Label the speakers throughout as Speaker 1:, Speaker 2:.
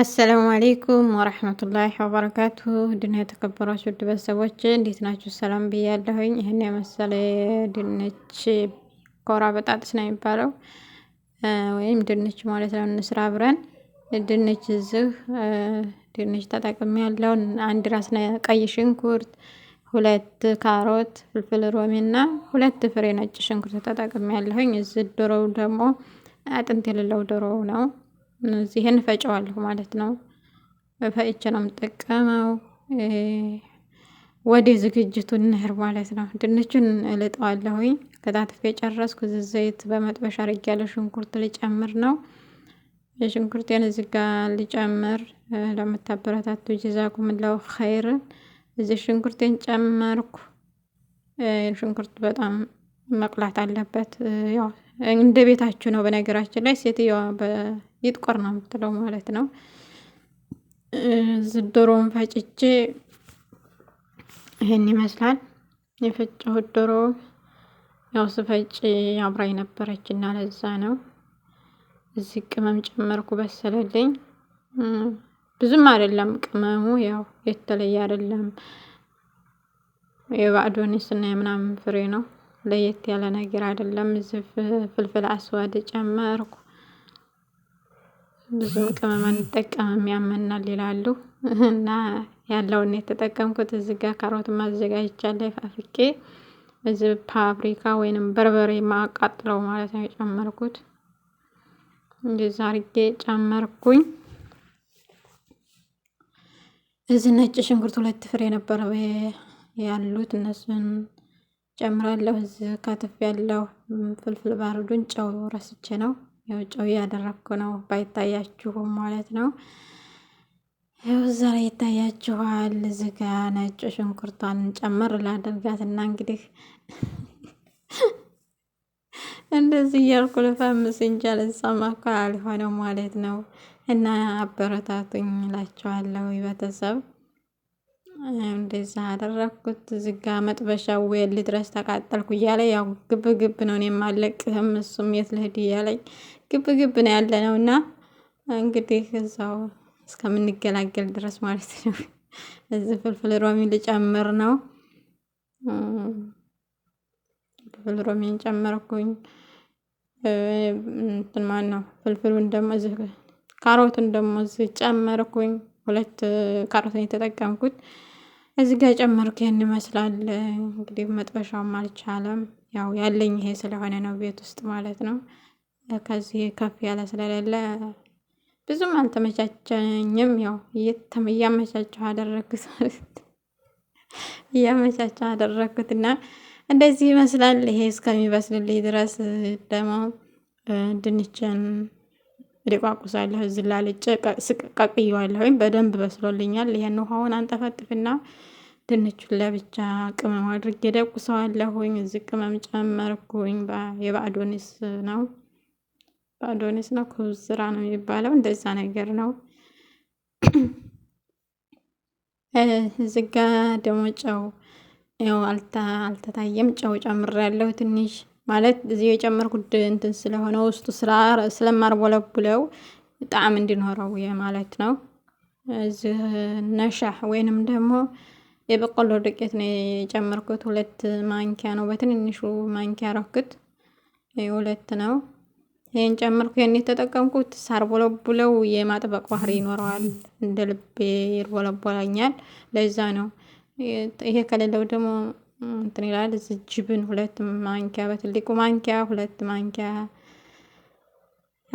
Speaker 1: አሰላሙ አሌይኩም ወረህመቱላሂ ወበረካቱ ድና የተከበራችሁ ውድ ቤተሰቦች እንዴት ናችሁ? ሰላም ብያለሁኝ። ይህን የመሰለ ድንች ኮራ በጣጥስ ነው የሚባለው ወይም ድንች ማለት ነው። እንስራ አብረን ድንች እዚህ ድንች ተጠቅሜ ያለው አንድ ራስ ቀይ ሽንኩርት፣ ሁለት ካሮት፣ ፍልፍል ሮሚ እና ሁለት ፍሬ ነጭ ሽንኩርት ተጠቅሜ ያለሁኝ። እዚህ ዶሮው ደግሞ አጥንት የሌለው ዶሮ ነው እነዚህን ፈጨዋለሁ ማለት ነው። ፈጭቼ ነው የምጠቀመው። ወደ ዝግጅቱ እንህር ማለት ነው። ድንቹን እልጠዋለሁ ከታትፌ ጨረስኩ። ዘይት በመጥበሻ አርግ ያለ ሽንኩርት ልጨምር ነው። ሽንኩርቴን እዚህ ጋ ልጨምር። ለምታበረታቱ ጀዛኩም ላሁ ኸይር። እዚህ ሽንኩርቴን ጨመርኩ። ሽንኩርት በጣም መቅላት አለበት ያው እንደ ቤታችሁ ነው። በነገራችን ላይ ሴትየዋ በይጥቆር ነው የምትለው ማለት ነው። ዝዶሮን ፈጭቼ ይህን ይመስላል የፈጨሁት ዶሮ። ያው ስፈጭ አብራኝ ነበረች እና ለዛ ነው እዚህ ቅመም ጨመርኩ። በሰለልኝ ብዙም አይደለም ቅመሙ፣ ያው የተለየ አይደለም። የባዕዶኒስ እና የምናምን ፍሬ ነው። ለየት ያለ ነገር አይደለም። እዚህ ፍልፍል አስዋድ ጨመርኩ። ብዙ ቅመም አንጠቀምም ያመናል ይላሉ እና ያለውን የተጠቀምኩት እዚህ ጋር ካሮት ማዘጋጅቻለሁ አፍቄ እዚህ ፓፕሪካ ወይንም በርበሬ ማቃጥለው ማለት ነው የጨመርኩት። እንደዛ አርጌ ጨመርኩኝ። እዚህ ነጭ ሽንኩርት ሁለት ፍሬ ነበር ያሉት እነሱን ጨምራለሁ። እዚህ ያለው ፍልፍል ባርዱን ጨው ረስቼ ነው ያው ጨው ያደረኩ ነው ባይታያችሁም ማለት ነው። ያው እዛ ላይ ይታያችኋል። እዚህ ጋ ነጭ ሽንኩርቷን ጨመር ላደርጋት እና እንግዲህ እንደዚህ እያልኩ ልፈምስ እንጂ አልሰማካ አልሆነው ማለት ነው። እና አበረታቱኝ እላችኋለሁ ቤተሰብ እንደዛ አደረኩት ዝጋ መጥበሻ ወል ድረስ ተቃጠልኩ እያለ ያው ግብ ግብ ነው። እኔም አለቅህም እሱም የት ልሂድ እያለኝ ግብ ግብ ነው ያለ ነው እና እንግዲህ እዛው እስከምንገላገል ድረስ ማለት ነው። እዚህ ፍልፍል ሮሚ ልጨምር ነው። ፍልፍል ሮሚን ጨመርኩኝ። እንትን ማን ነው ፍልፍሉን ደግሞ እዚህ ካሮቱን ደግሞ እዚህ ጨመርኩኝ። ሁለት ካሮትን የተጠቀምኩት እዚህ ጋር ጨመርኩ። ይህን ይመስላል እንግዲህ መጥበሻውም አልቻለም። ያው ያለኝ ይሄ ስለሆነ ነው ቤት ውስጥ ማለት ነው። ከዚህ ከፍ ያለ ስለሌለ ብዙም አልተመቻቸኝም። ያው እያመቻቸው አደረግኩት ማለት እያመቻቸው አደረግኩት እና እንደዚህ ይመስላል። ይሄ እስከሚበስልልኝ ድረስ ደግሞ ድንችን እዚ ደቋቁሳለሁ ዝላልጨ ወይም በደንብ በስሎልኛል። ይሄን ውሃውን አንጠፈጥፍና ድንቹን ለብቻ ቅመም አድርጌ ደቁሰዋለሁኝ። እዚ ቅመም ጨመርኩኝ። የባዕዶኒስ ነው ባዕዶኒስ ነው ኩዝራ ነው የሚባለው። እንደዛ ነገር ነው። እዚጋ ጋ ደግሞ ጨው ያው አልተታየም። ጨው ጨምሬያለሁ ትንሽ ማለት እዚ የጨመርኩት እንትን ስለሆነ ውስጡ ስለማርቦለቡለው ጣዕም እንዲኖረው ማለት ነው። እዚ ነሻህ ወይንም ደግሞ የበቆሎ ዱቄት ነው የጨመርኩት። ሁለት ማንኪያ ነው፣ በትንንሹ ማንኪያ ረኩት፣ ሁለት ነው። ይህን ጨመርኩ። ይህን የተጠቀምኩት ሳርቦለቡለው የማጥበቅ ባህሪ ይኖረዋል። እንደ ልቤ ይርቦለቦላኛል። ለዛ ነው ይሄ ከሌለው ደግሞ እንትን ይላል። እዚህ ጅብን ሁለት ማንኪያ በትልቁ ማንኪያ ሁለት ማንኪያ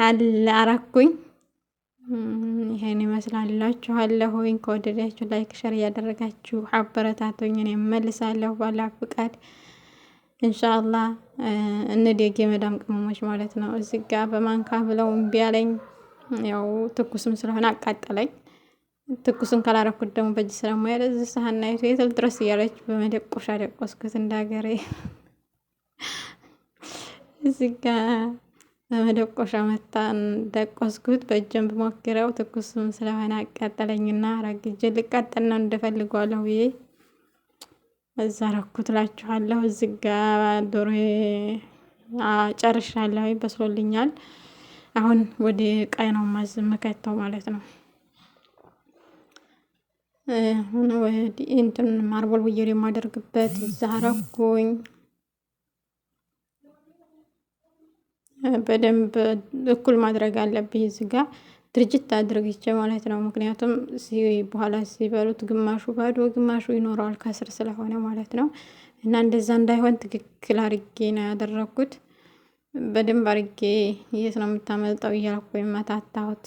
Speaker 1: አለ አራኩኝ። ይሄን ይመስላላችኋለሁ። ሆይን ከወደዳችሁ ላይክ ሸር እያደረጋችሁ አበረታቶኝን የመልሳለሁ። ባላ ፍቃድ ኢንሻአላህ እንደግ የመዳም ቅመሞች ማለት ነው። እዚ ጋር በማንካ ብለው እምቢ አለኝ። ያው ትኩስም ስለሆነ አቃጠለኝ። ትኩስን ካላረኩት ደግሞ በእጅ ስለሙያ ለዚህ ሳህና ይቱ የትል ድረስ እያለች በመደቆሻ ደቆስኩት እንዳገሬ እዚ ጋ በመደቆሻ መታ ደቆስኩት። በእጅን ብሞክረው ትኩስም ስለሆነ አቃጠለኝና ረግጄ ልቃጠል ነው እንደፈልጓለሁ ብዬ እዛ ረኩት ላችኋለሁ። እዚ ጋ ዶሮ ጨርሻለሁ፣ በስሎልኛል። አሁን ወደ ቃይ ነው ማዝ መከተው ማለት ነው። ሆነ እንትን ማርቦል ወየር የማደርግበት እዛ በደንብ እኩል ማድረግ አለብኝ። እዚህ ጋር ድርጅት አድርግቼ ማለት ነው። ምክንያቱም በኋላ ሲበሉት ግማሹ ባዶ ግማሹ ይኖረዋል ከስር ስለሆነ ማለት ነው። እና እንደዛ እንዳይሆን ትክክል አርጌ ነው ያደረግኩት። በደንብ አርጌ የት ነው የምታመልጠው እያልኩ መታታሁት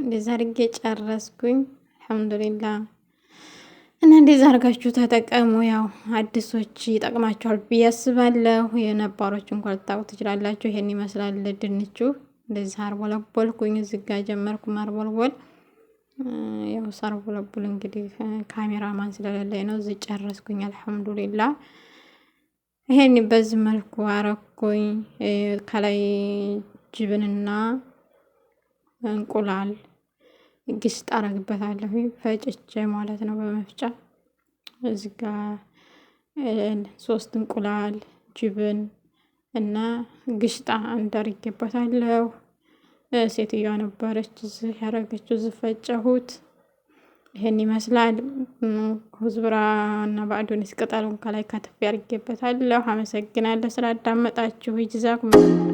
Speaker 1: እንደዛ አድርጌ ጨረስኩኝ። አልሐምዱሊላ እና እንደዛ አድርጋችሁ ተጠቀሙ። ያው አዲሶች ይጠቅማቸዋል ብዬ አስባለሁ። የነባሮች እንኳን ልታውቁ ትችላላችሁ። ይሄን ይመስላል ድንቹ። እንደዚህ አርቦለቦልኩኝ፣ ዝጋ ጀመርኩ ማርቦልቦል። ያው ሳርቦለቦል እንግዲህ ካሜራማን ስለሌለኝ ነው። እዚህ ጨረስኩኝ። አልሐምዱሊላ ይሄን በዚህ መልኩ አረኩኝ። ከላይ ጅብንና እንቁላል ግሽጣ አረግበታለሁ ፈጭቼ ማለት ነው በመፍጫ እዚጋ ሶስት እንቁላል ጅብን እና ግሽጣ አንድ አርጌበታለሁ። ሴትዮዋ ነበረች እዚህ ያረገችው እዚህ ፈጨሁት። ይሄን ይመስላል ኩዝብራ እና በአዶኒስ ቅጠሉን ከላይ ከትፌ አርጌበታለሁ። አመሰግናለሁ ስላዳመጣችሁ ይጅዛኩም